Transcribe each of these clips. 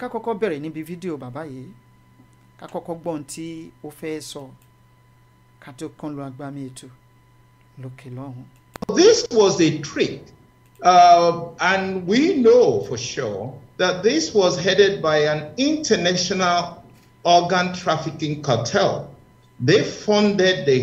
ká kọ́kọ́ bẹ̀rẹ̀ níbi fídíò bàbá yìí ká kọ́kọ́ gbọ́n tí ó fẹ́ sọ ká tó kán lu agbami ètò lókè lọ́hùn. This was a trick uh, and we know for sure that this was headed by an international organ trafficking cartel. They funded the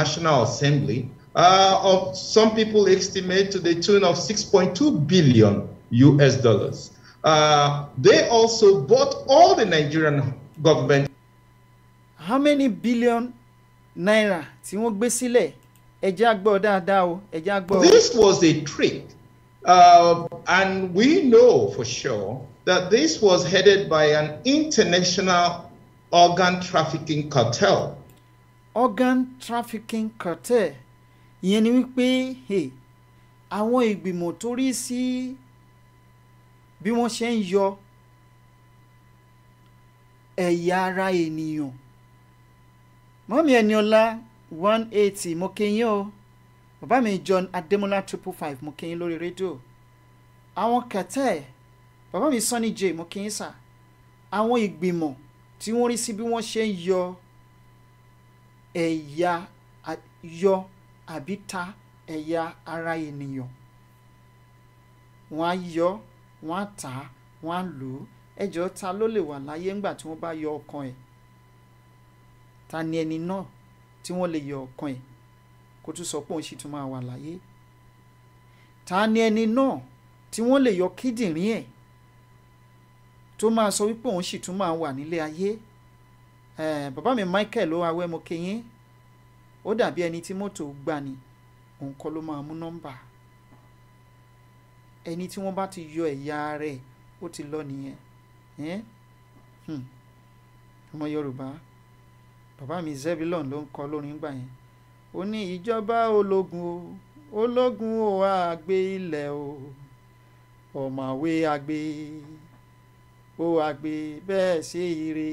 National Assembly uh, of some people estimate to the tune of 6.2 billion US dollars. Uh, they also bought all the Nigerian government. How many billion naira tí wọ́n gbé sílẹ̀? Ẹja gbọ́ dáadáa o, ẹja gbọ́. This was a trick uh, and we know for sure that this was headed by an international organ trafficking cartel. Organ trafficking cartel ìyẹn ni wípé àwọn ìgbìmọ̀ tó sí. Si bí wọ́n ṣe ń yọ ẹ̀yà ara ènìyàn mọ́mí Ẹniọlá one eighty mo kéyìn o bàbá mi John Adémọ́lá triple five mo kéyìn lórí rédíò àwọn kẹtẹ́ bàbá mi Sunny J mo kéyìn sà àwọn ìgbìmọ̀ tí wọ́n rí sí bí wọ́n ṣe ń yọ ẹ̀yà yọ àbí ta ẹ̀yà ara ènìyàn wọ́n á yọ wọ́n á tà á wọ́n á lò ó ẹjọ́ ta ló lè wà láyé ńgbà tí wọ́n bá yọ ọkàn ẹ̀ ta ni ẹni náà tí wọ́n lè yọ ọkàn ẹ̀ kó tún sọ pé òun sì tún máa wà láyé ta ni ẹni náà tí wọ́n lè yọ kíndìnrín ẹ̀ tó máa sọ wípé òun sì tún máa wà nílé ayé bàbá mi Michael ló awẹ́ mo kéyìn ó dàbí ẹni tí mọ́tò gbani òun kọ́ ló máa mú nọ́mbà. No ẹni tí wọ́n bá ti yọ ẹ̀yà rẹ̀ ó ti lọ nìyẹn hmm. ọmọ yorùbá bàbá mi zebilon ló ń kọ lórin gbà yẹn ó ní ìjọba ológun o ológun o àgbé ilẹ̀ o ọ̀mọ̀wé àgbé o àgbé bẹ́ẹ̀ ṣe ire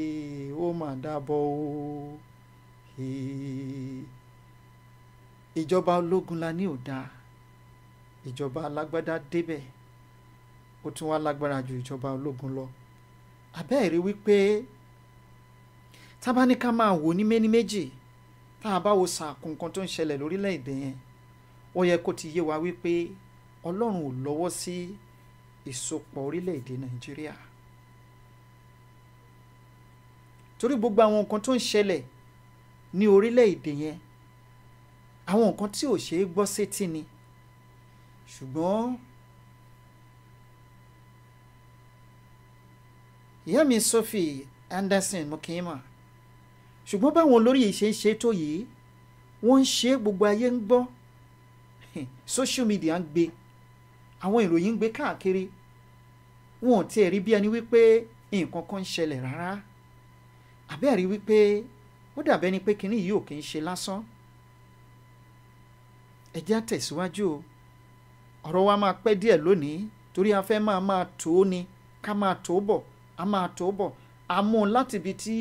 ó mà dábọ̀ o ìjọba ológun la ní ò ìjọba alágbádá débẹ̀ ó tún wá lágbára ju ìjọba ológun lọ àbẹ́ẹ̀rí wípé tábáníká máa wò ní méní méjì tá a bá wo sàkún kan tó ń ṣẹlẹ̀ lórílẹ̀‐èdè yẹn ó yẹ kó ti yé wa wípé ọlọ́run ò lọ́wọ́ sí ìsopọ̀ orílẹ̀‐èdè nàìjíríà torí gbogbo àwọn nǹkan tó ń ṣẹlẹ̀ ní orílẹ̀‐èdè yẹn àwọn nǹkan tí ò ṣeé gbọ́ sétí ni ṣùgbọ́n ìyá mi Sophie Anderson mo kì í mọ̀ ṣùgbọ́n báwọn olórí yìí ṣe ń ṣe tó yìí wọ́n ń ṣe gbogbo ayé ń gbọ́ social media ń gbé àwọn ìròyìn ń gbé káàkiri wọn ò tiẹ̀ rí bí ẹni wípé nǹkan kan ń ṣẹlẹ̀ rárá àbẹ́ẹ̀rí wípé ó dàbẹ́ ni pé kinní yìí ò kì í ṣe lásán ẹ já tẹ̀síwájú o ọ̀rọ̀ wa máa pẹ́ díẹ̀ lónìí torí a fẹ́ máa máa tó ni ká máa tó bọ̀ a máa tó bọ̀ a mú un láti ibi tí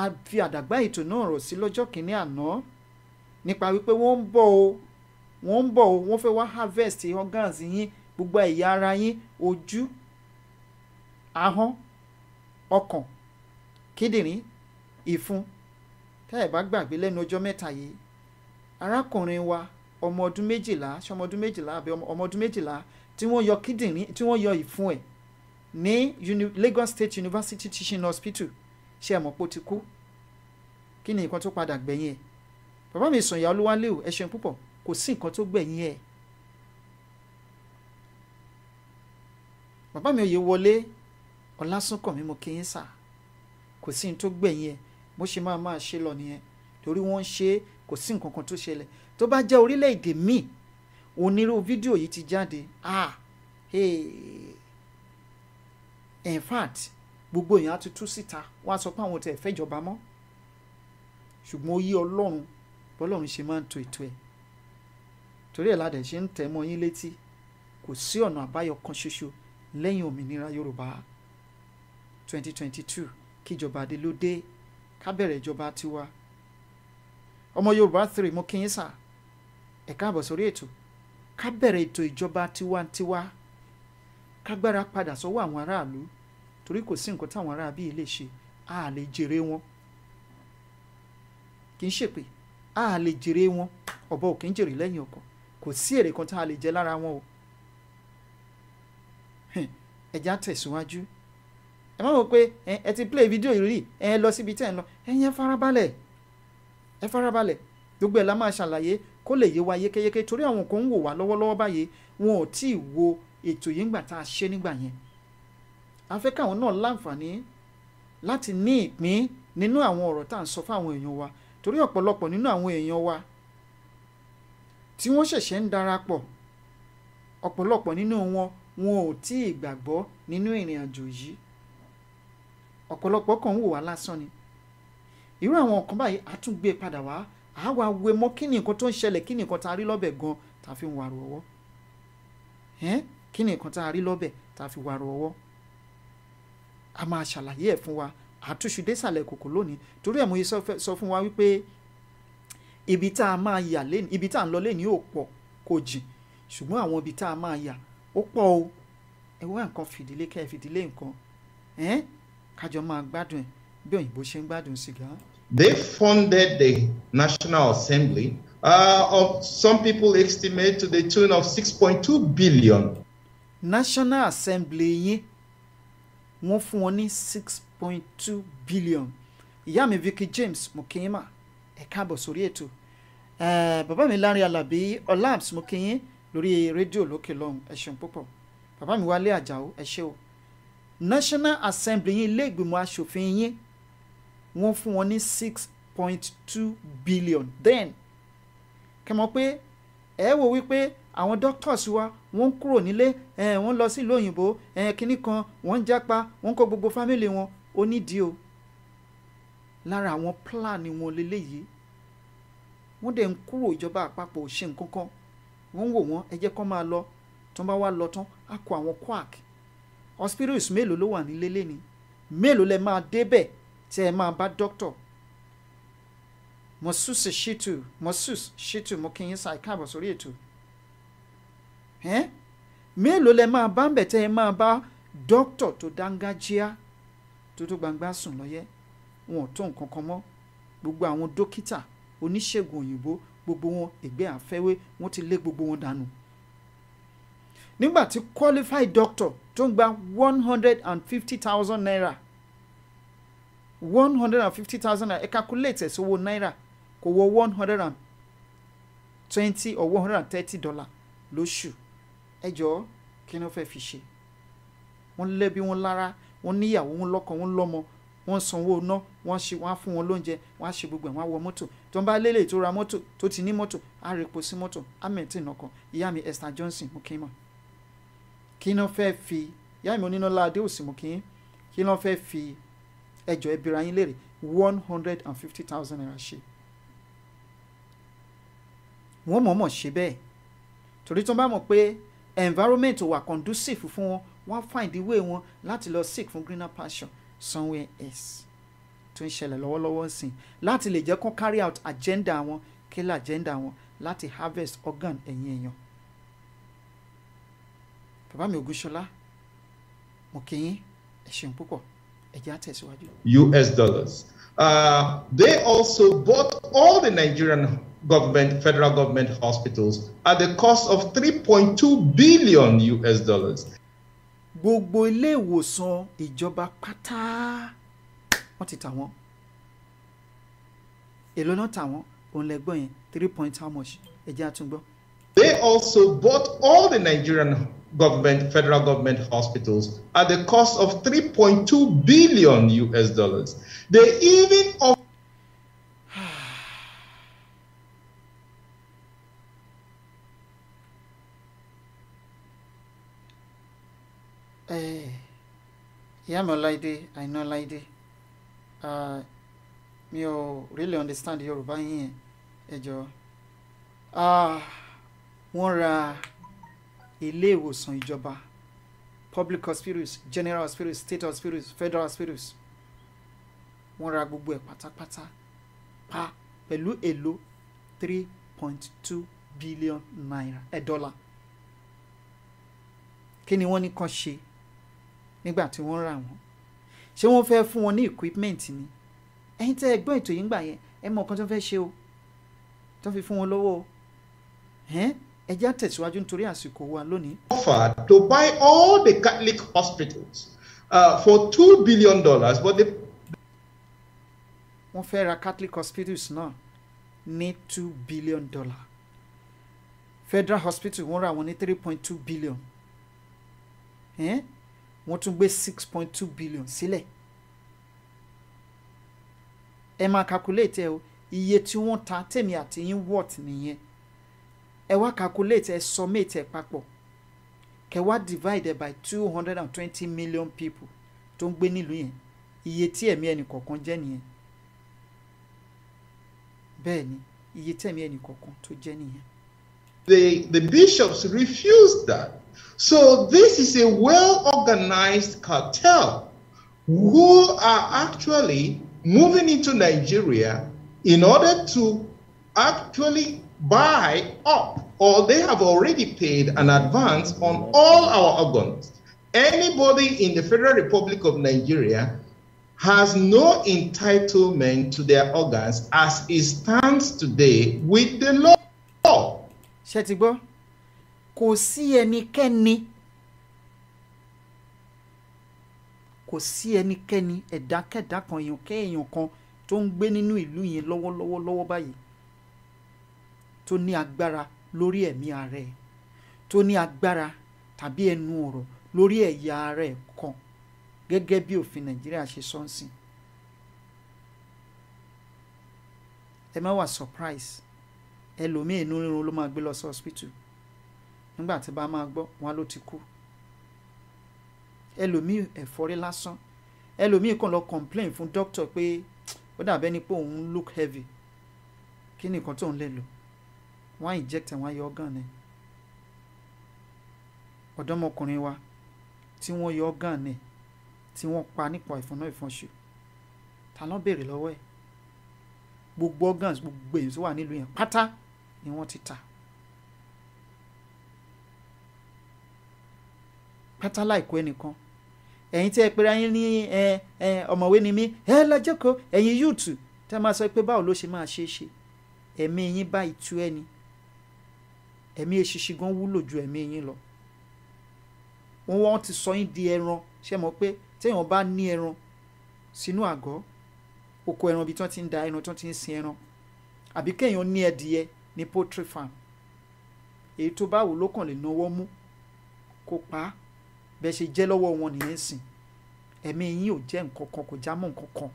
a fi àdàgbà ètò náà rọ̀ sí lọ́jọ́ kìíní àná nípa wípé wọ́n ń bọ̀ o wọ́n ń bọ̀ o wọ́n fẹ́ wá harvest organs yín gbogbo ẹ̀yà ara yín ojú ahọ́n ọkàn kíndìnrín ìfun tẹ́ ẹ̀ bá gbàgbé lẹ́nu ọjọ́ mẹ́ta yìí arákùnrin wa ọmọ ọdún méjìlá ṣọmọ ọdún méjìlá àbí ọmọ ọdún méjìlá tí wọ́n yọ kíndìnrín tí wọ́n yọ ìfun ẹ̀ ní Lagos State University Teaching Hospital ṣe é mọ̀ pé ó ti kú kí ni nǹkan tó padà gbẹ̀yìn ẹ̀ bàbá mi Sànyà Olúwalé o ẹ ṣeun púpọ̀ kò sí nǹkan tó gbẹ̀yìn ẹ̀ bàbá mi Oyèwọlé Ọlásùnkànmí mo kí yín sà kò sí nǹkan tó gbẹ̀yìn ẹ̀ bó ṣe máa máa ṣe lọ nìyẹn torí wọ́n ṣe kò sí nǹkan kan tó ṣẹlẹ̀ tó bá jẹ́ orílẹ̀-èdè míì onírú fídíò yìí ti jáde ah hey. in fact gbogbo èèyàn á ti tú síta wọ́n á sọ pé àwọn ò tẹ̀ fẹ́ ìjọba mọ́ ṣùgbọ́n ó yí ọlọ́run bọ́lọ́run ṣe máa ń to ètò ẹ̀ torí ẹ̀ ládẹ̀ ṣe ń tẹ̀ mọ́ yín létí kò sí ọ̀nà àbáyọ kan ṣoṣo lẹ́yìn òmìnira yorùbá 2022 kíjọba adé ló dé ká bẹ̀rẹ̀ ìjọba tiwa ọmọ yorùbá 3 mo kí yín sáà ẹ káàbọ̀ sórí ètò ká bẹ̀rẹ̀ ètò ìjọba tiwantiwa ká gbára padà sọ́wọ́ àwọn aráàlú torí kò sí nǹkan táwọn aráàbí lè ṣe á lè jèrè wọn kì í ṣèpè á lè jèrè wọn ọ̀bọ ò kì jèrè lẹ́yìn ọkọ̀ kò sí èrè kan tá a lè jẹ lára wọn o ẹja tẹ̀síwájú ẹ má wò pé ẹ ti play video yìí rí ẹ lọ síbi tẹ́ ẹ lọ ẹ yẹn farabalẹ̀ ẹ farabalẹ̀ gbogbo ẹ̀ la máa ṣàlàyé kó lè yé wa yékéyéké torí àwọn kan ń wò wá lọ́wọ́lọ́wọ́ báyìí wọn ò tí ì wo ètò yìí ńgbà tá a ṣe nígbà yẹn a fẹ́ káwọn náà láǹfààní láti ní ìpín nínú àwọn ọ̀rọ̀ tá à ń sọ fáwọn èèyàn wa torí ọ̀pọ̀lọpọ̀ nínú àwọn èèyàn wa tí wọ́n ṣẹ̀ṣẹ̀ ń darapọ̀ ọ̀pọ̀lọpọ̀ nínú wọn wọn ò tí ì gbàgbọ́ nínú ìrìn àjò yìí ọ̀pọ̀lọpọ̀ kan ń wò wá lásán ni irú àwọn nǹkan báyìí a padà wá a wá wé mọ́ kí ni nǹkan tó ń ṣẹlẹ̀ kí ni nǹkan tá a rí lọ́bẹ̀ gan tá a fi ń wàrò ọwọ́ kí ni nǹkan tá a rí lọ́bẹ̀ tá a fi wàrò ọwọ́ a máa ṣàlàyé ẹ̀ fún wa àtúnṣe désàlẹ̀ kòkò lónìí torí ẹ̀ mo yẹ sọ fún wa wípé ibi tá a máa yà lẹ́ni ibi tá a ń lọ lẹ́ni ò pọ̀ kò jìn ṣùgbọ́n àwọn ibi tá a máa yà ó pọ̀ o ẹ wá nǹkan fìdílé kẹ́ ẹ fìdílé nǹkan kájọ máa gbádùn ẹ bí òyìnbó ṣe ń gbádùn sìgá. They funded the National Assembly. Uh, of some people estimate to the tune of 6.2 billion. National Assembly yín wọ́n fún wọn ní six point two billion ìyá mi Vicky James mokinyima ẹ káàbọ̀ sórí ètò bàbá mi Lárin Alábí Ọláàbs mokinyin lórí rédíò lókè lọ́hùn ẹ ṣeun púpọ̀ bàbá mi Wálé Àjàó ẹ o National Assembly yín ilé ìgbìmọ̀ asòfin yín wọ́n fún wọn ní six point two billion then kẹmọ pé ẹ wò wípé àwọn doctors wa wọ́n ń kúrò nílé wọ́n lọ sílùú òyìnbó kínní kan wọ́n ń jápa wọ́n kó gbogbo fámìlì wọn ó nídìí o lára àwọn pílánì wọn lélẹ́yìí wọ́n dẹ̀ ń kúrò ìjọba àpapọ̀ ò ṣe nǹkan kan wọ́n ń wò wọ́n ẹ jẹ́ kó máa lọ tó ń bá wá lọ tán á kó àwọn quark hospitals mélòó ló wà nílé lẹ́ni mélòó lẹ máa débẹ̀ tí ẹ máa bá dókítọ̀ mọ̀sùs ṣìtù mọ̀sùs ṣìtù mo kí yín sa ìkáàbọ̀ sórí ètò mélòó lẹ máa bá ń bẹ̀ tẹ́ ẹ máa bá dókítọ̀ tó dángájíá tó tó gbangba sùn lọ́yẹ́ wọn ò tó nǹkan kan mọ́ gbogbo àwọn dókítà oníṣègùn òyìnbó gbogbo wọn ẹgbẹ́ àfẹ́wé wọn ti lé gbogbo wọn dànù nígbà tí qualified doctor tó ń gba one hundred and fifty thousand naira one hundred and fifty thousand naira ẹ calculate ẹ̀ sówó náírà kò wọ one hundred and twenty or one hundred and thirty dollar lóṣù ẹ jọ̀ọ́ kí ni wọ́n fẹ́ fi ṣe wọ́n lẹ́bí wọn lára wọ́n níyàwó wọn lọ́kọ wọn lọ́mọ wọ́n sanwó ná wọ́n ṣe wọ́n á fún wọn lóúnjẹ wọ́n á ṣe gbogbo ẹ̀ wọ́n á wọ mọ́tò tó ń bá lélẹ̀ tó ra mọ́tò tó ti ní mọ́tò á rè po sí mọ́tò á mẹ̀tì ìyá mi Esther Johnson mo kí n mọ̀ kí ni wọ́n fẹ́ fi ìyá mi oníná ládé òsì mo kí n kí ni wọ́n fẹ́ fi ẹjọ́ ẹbíra yín léèrè one hundred and fifty thousand naira ṣe wọ́n mọ̀ọ́mọ̀ ṣe bẹ́ẹ̀ torí tó bá mọ̀ pé environment wà conducive fún wọn wọ́n find the way wọn láti lọ seek fún greener passion somewhere else tó ń ṣẹlẹ̀ lọ́wọ́lọ́wọ́ ń sìn láti lè jẹ́ kó carry out agenda wọn killer agenda wọn láti harvest organ ẹ̀yìn èèyàn bàbá mi Ògúnṣọlá mo kí yín púpọ̀. US dollars. Uh, they also bought all the Nigerian government, federal government hospitals at the cost of 3.2 billion US dollars. Gbogbo ilé ìwòsàn ìjọba pátá wọ́n ti tà wọ́n. Èló náà tà wọ́n, òun lẹ́gbọ́n yẹn three point how much? Ẹ̀jẹ̀ àtúngbọ́. They also bought all the Nigerian government, federal government hospitals at the cost of 3.2 billion US dollars. They even of. Hey, eh, yeah, my lady, I know lady. Uh, you oh, really understand your buying, ẹ jọ̀ọ́. Ah, wọ́n ilé ìwòsàn ìjọba public hospitals general hospitals state hospitals federal hospitals wọ́n ra gbogbo ẹ̀ pátápátá pa pẹ̀lú èlò three point two billion naira ẹ̀ dọ́là kí ni wọ́n ní kàn ṣe nígbà tí wọ́n rà wọ́n ṣé wọ́n fẹ́ fún wọn ní equipment ni ẹ̀yin tẹ́ ẹ gbọ́ ètò yìí ń gbà yẹn ẹ mọ̀ nǹkan tó fẹ́ ṣe o tó fi fún wọn lọ́wọ́ o ẹ jẹ́ tẹ̀síwájú nítorí àsìkò wa lónìí. offer to buy all the Catholic hospitals uh, for two billion dollars but they. wọ́n fẹ́ ra Catholic hospitals náà ní two billion dollar Federal Hospital wọ́n ra wọn ní three point two billion eh? wọ́n tún gbé six point two billion sílẹ̀ ẹ máa calculate ẹ o iye tí wọ́n ta tèmi àti yín worth nìyẹn ẹ wá calculate ẹ summate ẹ papọ̀ kẹ wá divide by two hundred and twenty million people tó ń gbé nílùú yẹn iye tí ẹ̀mí ẹnì kọ̀ọ̀kan jẹ́ nìyẹn bẹ́ẹ̀ ni iye tí ẹ̀mí ẹnì kọ̀ọ̀kan tó jẹ́ nìyẹn. The, the bishops refused that. So this is a well-organized cartel who are actually moving into Nigeria in order to actually buy up or they have already paid an advance on all our organs. Anybody in the Federal Republic of Nigeria has no entitlement to their organs as it stands today with the law. ṣe ti gbọ́ kò sí ẹnikẹ́ni kò sí ẹnikẹ́ni ẹ̀dákẹ́dá kan èèyàn kẹ́ẹ̀yàn kan tó ń gbé nínú ìlú yẹn lọ́wọ́lọ́wọ́ lọ́wọ́ báyìí tó ní agbára lórí ẹ̀mí ara ẹ̀ tó ní agbára tàbí ẹnu ọ̀rọ̀ lórí ẹ̀yà ara ẹ̀ kan gẹ́gẹ́ bí òfin nàìjíríà ṣe sọ́nsìn. ẹ má wà surprise ẹlòmíì inú rírun ló máa gbé lọ sí hospital nígbà tí bá máa gbọ́ wọn ló ti kú ẹlòmíì ẹ̀fọ́rí lásán ẹlòmíì kàn lọ complain fún doctor pé ó dàbẹ́ ni pé òun look heavy kí ni nǹkan tóun lè lò wọ́n á inject wọ́n á yọ organ ni ọ̀dọ́mọkùnrin wa tí wọ́n yọ organ ni tí wọ́n pa nípa ìfúnná ìfọ̀nṣù ta ló béèrè lọ́wọ́ ẹ̀ gbogbo organs gbogbo èyí tó wà nílùú yẹn pátá ni wọ́n ti tà pátá láìkó ẹnìkan ẹ̀yin tí ẹ pera yín ní ẹ ẹ ọ̀mọ̀wé ni mí ẹ lọ́jọ́ kan ẹ̀yin yúùtù tẹ́ máa sọ pé báwo ló ṣe máa ṣe é ṣe ẹ̀mí yín bá ìtú ẹni ẹ̀mí eṣinṣin gan wúlò ju ẹ̀mí yín lọ wọn wọn ti sọ yín di ẹran ṣe mọ̀ pé téèyàn bá ní ẹran sínú àgọ́ oko ẹran ibi tí wọ́n ti ń da ẹran tí wọ́n ti ń sin ẹran àbí kéèyàn ní ẹdìyẹ ní poultry farm èyí tó bá wù lókàn lè náwó mú kó pa á bẹ́ẹ̀ ṣe jẹ́ lọ́wọ́ wọn nìyẹn sìn ẹ̀mí yín ò jẹ́ nǹkan kan kò já mọ́ nǹkan kan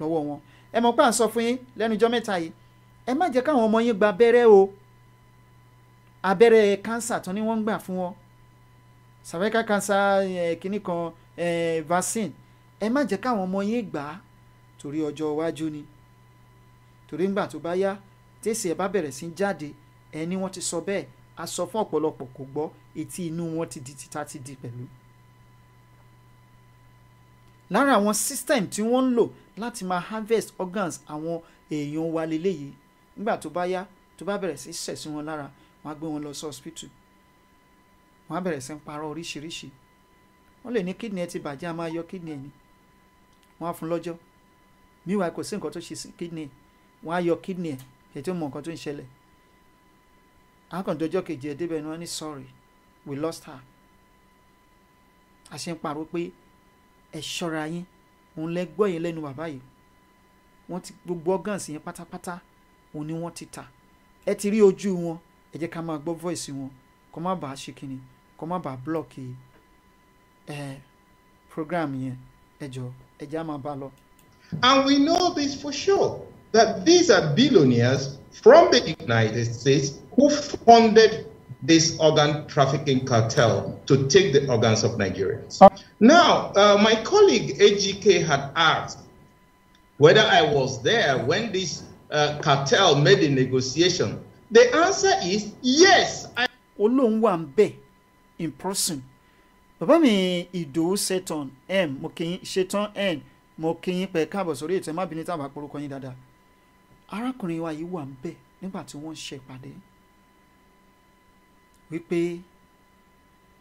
lọ́wọ́ wọn ẹ mọ̀ pé à ń sọ fún yín lẹ́nu ijọ́ mẹ́ta yìí ẹ má jẹ́ káwọn ọmọ yín gba abẹ́rẹ́ o abẹ́rẹ́ cancer tán ni wọ́n ń gbà fún wọn cervical cancer kìíní kan vaccine ẹ má jẹ́ káwọn ọmọ yín gbà á torí ọjọ́ iwájú ni torí ńgbà tó bá yá tẹ̀sí ẹ̀ bá bẹ̀rẹ̀ sí jáde ẹ ní wọ́n ti sọ bẹ́ẹ̀ a sọ fún ọ̀pọ̀lọpọ̀ kò gbọ́ etí inú wọn ti di títa ti di pẹ̀lú. lára àwọn system tí wọ́n ń lò láti máa harvest organs àwọn èèyàn wa lélẹ́yìí ńgbà tó bá yá tó bá bẹ̀rẹ̀ sí ṣẹ̀ sí wọn lára wọ́n á gbé wọn lọ sí hospital wọ́n á bẹ̀rẹ̀ sí ń parọ́ oríṣiríṣi wọ́n lè ní kídìní ẹ ti bàjẹ́ a máa yọ kídìní ẹ ni wọ́n á fún lọ́jọ́ meanwhile kò sí nǹkan tó ṣe kídìní ẹ á yọ kídìní ẹ kì í tó mọ nǹkan tó ń ṣẹlẹ̀ àkàndọ́jọ́ kejì ẹ ni wọ́n ní sorry we lost her a ṣe ń parọ́ pé ẹ ṣọ́ra yín òun lẹ gbọ́ yín lẹ́nu bàbá yìí wọ́n ti gbogbo organs yẹn pátápátá òun ni wọ́n ti tà ẹ ti rí ojú wọn ẹ jẹ́ ká máa gbọ́ voice wọn kó má bàa ṣe kínni kó má bàa ẹ program yẹn ẹ jọ ẹ jẹ́ máa bá lọ. And we know this for sure that these are billionaires from the United States who funded this organ trafficking cartel to take the organs of Nigerians. Now, uh, my colleague EJK had asked whether I was there when this uh, cartel made the negotiation The answer is yes. I... olóhùn wà ń bẹ̀ in person bàbá mi ìdòwú ṣetán m mo kì í ṣetán n mo kì í pẹ káàbọ̀ sórí ètò ẹ má bínú tábà porúkọ yín dáadáa arákùnrin wa yìí wà ń bẹ̀ nígbà tí wọ́n ṣe ìpàdé wípé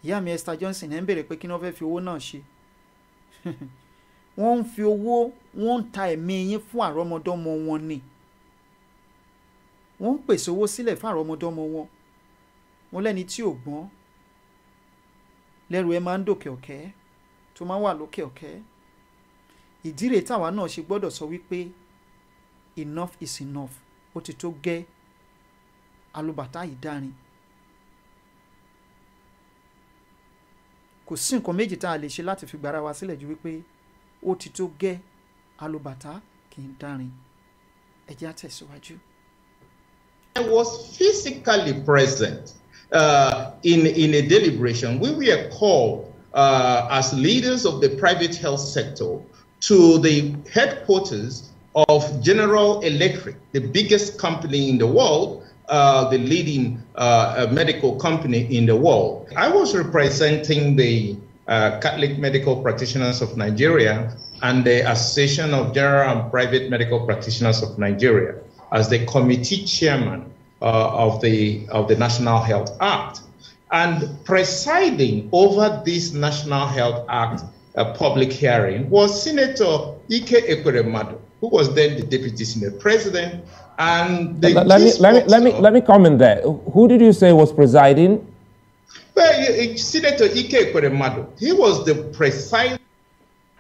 ìyá mi Esther Johnson ẹ̀ ń bèrè pé kí ni wọ́n fẹ́ fi owó náà ṣe wọ́n ń fi owó wọ́n ń ta ẹ̀mí yín fún àrọ́mọdọ́mọ wọn ni wọ́n ń pèsè owó sílẹ̀ fáwọn ọmọdọ́mọ wọn wọn lẹ́ni tí ò gbọ́n lẹ́rù ẹ máa ń dòkè ọ̀kẹ́ tó máa ń wà lókè ọ̀kẹ́ ìdí rèé táwa náà ṣe gbọ́dọ̀ sọ wípé enough is enough ó ti tó gẹ́ alùbàtà yìí dárin kò sí nǹkan méjì tá a lè ṣe láti fi gbára wa sílẹ̀ ju wípé ó ti tó gẹ́ alùbàtà kì í dárin ẹ á tẹ̀síwájú. I was physically present uh, in, in a deliberation. We were called uh, as leaders of the private health sector to the headquarters of General Electric, the biggest company in the world, uh, the leading uh, medical company in the world. I was representing the uh, Catholic Medical Practitioners of Nigeria and the Association of General and Private Medical Practitioners of Nigeria as the committee chairman uh, of, the, of the National Health Act. And presiding over this National Health Act public hearing was Senator Ike Ekweremadu, who was then the deputy senate president. And the let, let me, let, me, let, me, let me comment there. Who did you say was presiding? Well, Senator Ike Kuremadu. he was the presiding.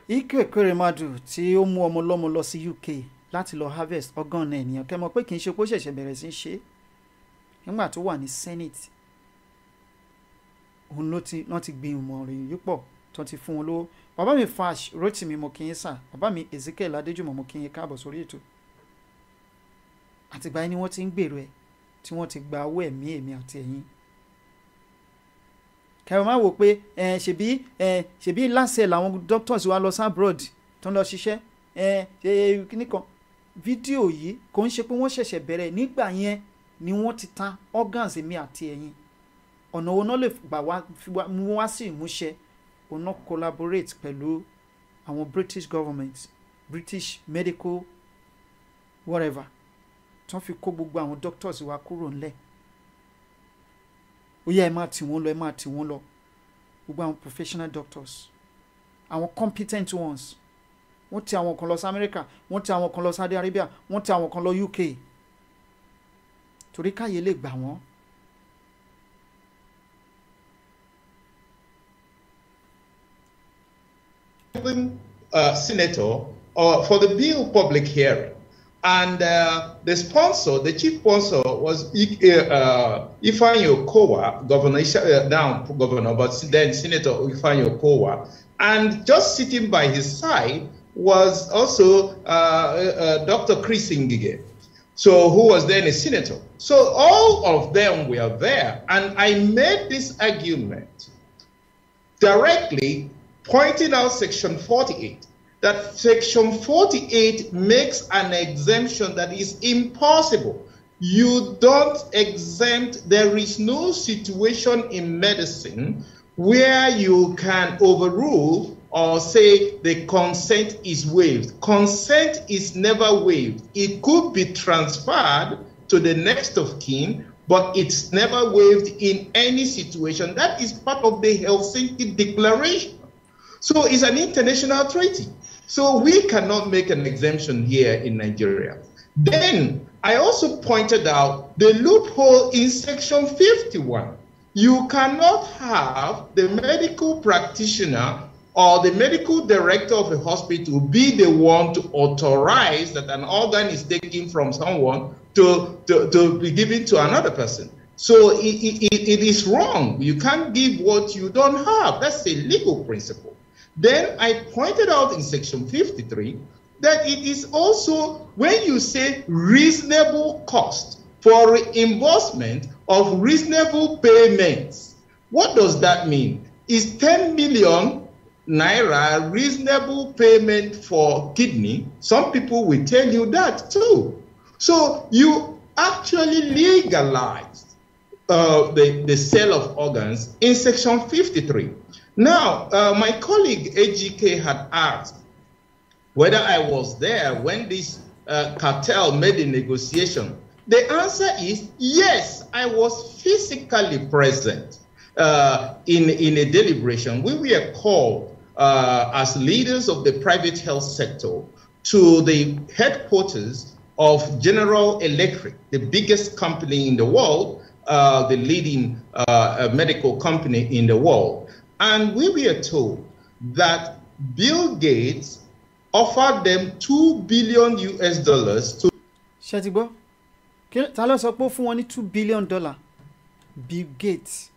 Ike Kuremadu, tí ó mú ọmọ lọ́mọ lọ sí UK láti lọ harvest ọgán náà ènìyàn kẹ́ mọ̀ pé kì í ṣe pé ó ṣẹ̀ṣẹ̀ bẹ̀rẹ̀ sí í ṣe nígbà tó wà ní senate òun ló ti wọ́n ti gbin ìmọ̀ràn yìí pọ̀ tó ti fún un lówó bàbá mi fash rotimi mo kì í sà bàbá mi ezekiel adéjùmọ̀ mo kì í káàbọ̀ sórí ètò àtìgbà yẹn ni wọ́n ti ń gbèrò ẹ̀ tí wọ́n ti gba owó ẹ̀mí èmi àti ẹ̀yin kẹrọ máa wò pé ṣèbí ṣèbí láṣẹ làwọn doctors wa lọ sí abroad tó ń lọ ṣiṣẹ́ kíníkan fídíò yìí kò ń ṣe pé wọ́n ṣẹ̀ṣẹ̀ bẹ̀rẹ̀ nígbà yẹn ni wọ́n ti tan organs èmi àti ẹ̀yin ọ̀nà wo náà lè gbà wá mú wá sí ìmúṣẹ òun náà collaborate pẹ̀lú àwọn British government British medical whatever tán fi kó gbogbo àwọn doctors wa kúrò ńlẹ̀ ó yẹ ẹ máa tì wọ́n lọ ẹ máa tì wọ́n lọ gbogbo àwọn professional doctors àwọn competent ones wọ́n ti àwọn kan lọ sí amẹ́ríkà wọ́n ti àwọn kan lọ saudi arabia wọ́n ti àwọn kan lọ uk torí káyé lè gbà wọ́n. Uh, senator uh, for the bill public hearing and uh, the sponsor the chief sponsor was uh, uh, Ifeanyi Okowa governor uh, now governor but then senator Ifanyo Kowa, and just sitting by his side was also uh, uh, uh, Dr. Chris Ngige, so who was then a senator. So all of them were there, and I made this argument directly pointing out Section 48 that Section 48 makes an exemption that is impossible. You don't exempt, there is no situation in medicine where you can overrule or say the consent is waived. Consent is never waived. It could be transferred to the next of kin, but it's never waived in any situation. That is part of the Helsinki Declaration. So it's an international treaty. So we cannot make an exemption here in Nigeria. Then I also pointed out the loophole in Section 51. You cannot have the medical practitioner or the medical director of a hospital be the one to authorize that an organ is taken from someone to, to, to be given to another person. So it, it, it is wrong. You can't give what you don't have. That's a legal principle. Then I pointed out in section 53 that it is also when you say reasonable cost for reimbursement of reasonable payments. What does that mean? Is 10 million naira reasonable payment for kidney, some people will tell you that too. So you actually legalized uh, the, the sale of organs in Section 53. Now, uh, my colleague AGK had asked whether I was there when this uh, cartel made the negotiation. The answer is yes, I was physically present uh, in, in a deliberation. We were called uh, as leaders of the private health sector to the headquarters of General Electric, the biggest company in the world, uh, the leading uh, uh medical company in the world. And we were told that Bill Gates offered them two billion US dollars to. ṣe ti gbọ́ ta ló sọ pé two billion dollar Bill Gates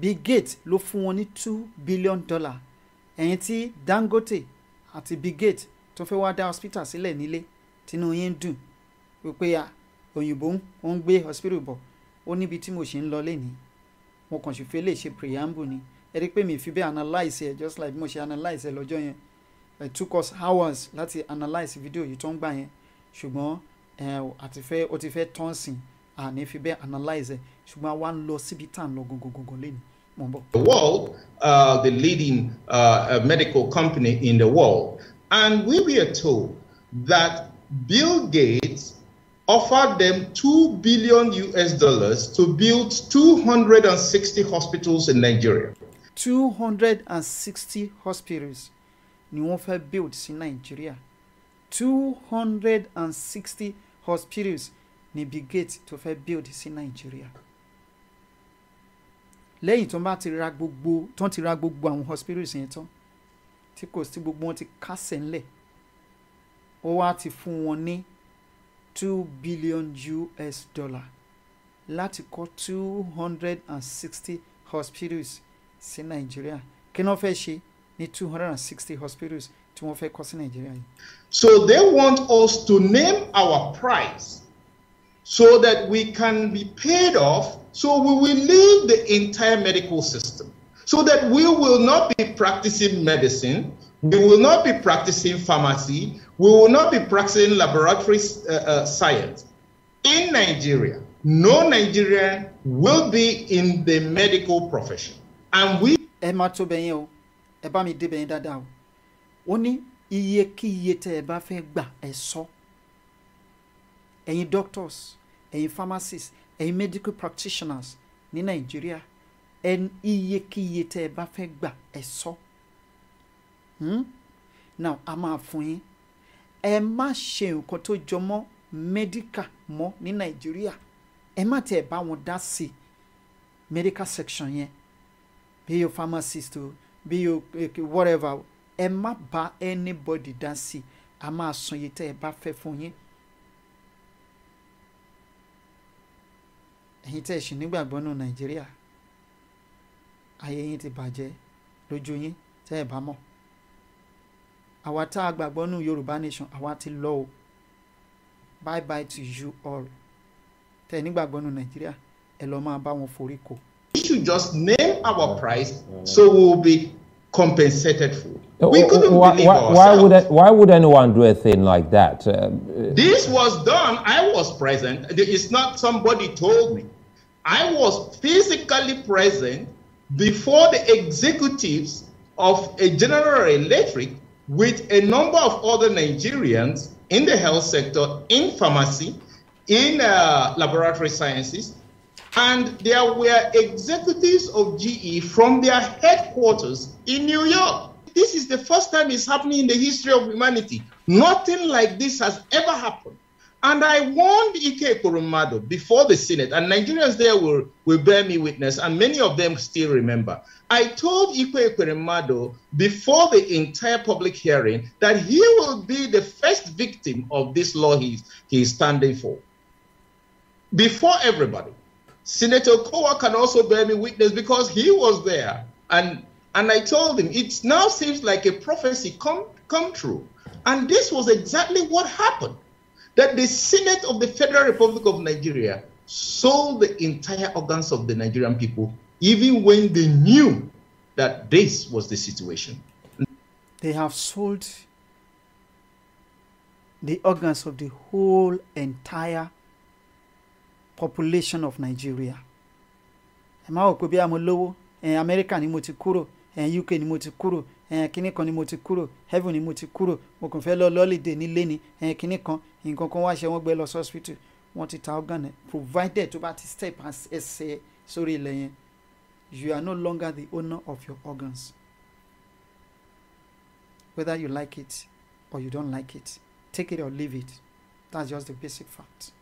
Bill Gates ló two billion dollar ẹ̀yin tí Dangote àti bigate Gate tó fẹ́ wá dá hospital sílẹ̀ nílé tínú yín ń dùn wípé òyìnbó ń gbé hospital bọ̀ ó níbi tí mo ṣe ń lọ lẹ́ni mo kàn sì fẹ́ lè ṣe preamble ni ẹ rí pé mi fi bẹ́ẹ̀ analyse ẹ̀ just like mo ṣe analyse ẹ̀ lọ́jọ́ yẹn it took us hours láti analyse fídíò yìí tó ń gbà yẹn ṣùgbọ́n àti fẹ́ ó ti fẹ́ tọ́ǹsìn àní fi bẹ́ẹ̀ analyse ẹ̀ ṣùgbọ́n a wá ń lọ síbi tá à ń lọ gangan lẹ́ni the world, uh, the leading uh, uh, medical company in the world. And we were told that Bill Gates offered them 2 billion US dollars to build 260 hospitals in Nigeria. 260 hospitals ni wọ́n built build sí Nigeria. 260 hospitals ni Bill Gates tó build sí Nigeria. lẹ́yìn tó ń bá ti ra gbogbo tó ń ti ra gbogbo àwọn hospitals yẹn tán tí kò sí gbogbo wọn ti kásẹ̀ ńlẹ̀ ó wá ti fún wọn ní two billion US dollar láti kọ́ two hundred and sixty hospitals sí nàìjíríà kí wọ́n fẹ́ ṣe ní two hundred and sixty hospitals tí wọ́n fẹ́ kọ́ sí nàìjíríà yìí. So they want us to name our price so that we can be paid off So we will leave the entire medical system so that we will not be practicing medicine, we will not be practicing pharmacy, we will not be practicing laboratory uh, uh, science. In Nigeria, no Nigerian will be in the medical profession. And we. ẹ máa tó bẹ̀yẹn o ẹ bá mi dé bẹ̀yẹn dáadáa o ó ní iye kí iye tẹ́ ẹ bá fẹ́ gbà ẹ sọ ẹ̀yin doctors ẹ̀yin pharmacists ẹ̀yin medical practitioners ní nàìjíríà ẹni iyekíye tẹ́ ẹ bá fẹ́ gbà ẹ sọ hmm? now a máa fún yín ẹ má ṣe nǹkan tó jọ mọ́ medical mọ́ ní nàìjíríà ẹ má tẹ̀ bá wọn dá sí medical section yẹn bí yóò pharmacist o bí yóò eh, whatever ẹ má bá anybody dá sí a máa san iye tẹ́ ẹ bá fẹ́ fún yín. ẹ̀yin tẹ́ ẹ ṣì nígbàgbọ́ nù nàìjíríà ayé yín ti bàjẹ́ lójú yín tẹ́ ẹ bá mọ̀ àwa tá a gbàgbọ́ nù yorùbá nation àwa ti lọ o bye bye to you all tẹ́ ẹ nígbàgbọ́ nù nàìjíríà ẹ lọ́ọ́ máa bá wọn forí kò. we should just name our mm. price so we will be compensated for. Uh, we couldn't why, believe why, ourselves. Why would, why would anyone do a thing like that? Uh, this was done. I was present. It's not somebody told me. I was physically present before the executives of a General Electric with a number of other Nigerians in the health sector, in pharmacy, in uh, laboratory sciences, and there were executives of GE from their headquarters in New York. This is the first time it's happening in the history of humanity. Nothing like this has ever happened. And I warned Ike Kurumado before the Senate, and Nigerians there will, will bear me witness, and many of them still remember. I told Ike Kurumado before the entire public hearing that he will be the first victim of this law he, he is standing for. Before everybody. Senator Kowa can also bear me witness because he was there. And, and I told him, it now seems like a prophecy come, come true. And this was exactly what happened. that the Senate of the Federal Republic of Nigeria sold the entire organs of the Nigerian people, even when they knew that this was the situation. They have sold the organs of the whole entire population of Nigeria. ẹ máa wò pé bí amolówó ẹ Amẹ́ríkà ni mo ti kúrò ẹ UK ni mo ti kúrò kínní kan ni mo ti kúrò heaven ni mo ti kúrò mo kàn fẹ́ lọ lọ́lídé nílé ni kínní kan nǹkan kan wá ṣe wọ́n gbé lọ sọ́spítù wọ́n ti ta organ ẹ̀ provided tó bá ti step ẹsẹ̀ sórí ilẹ̀ yẹn you are no longer the owner of your organs whether you like it or you don't like it take it or leave it that's just the basic fact.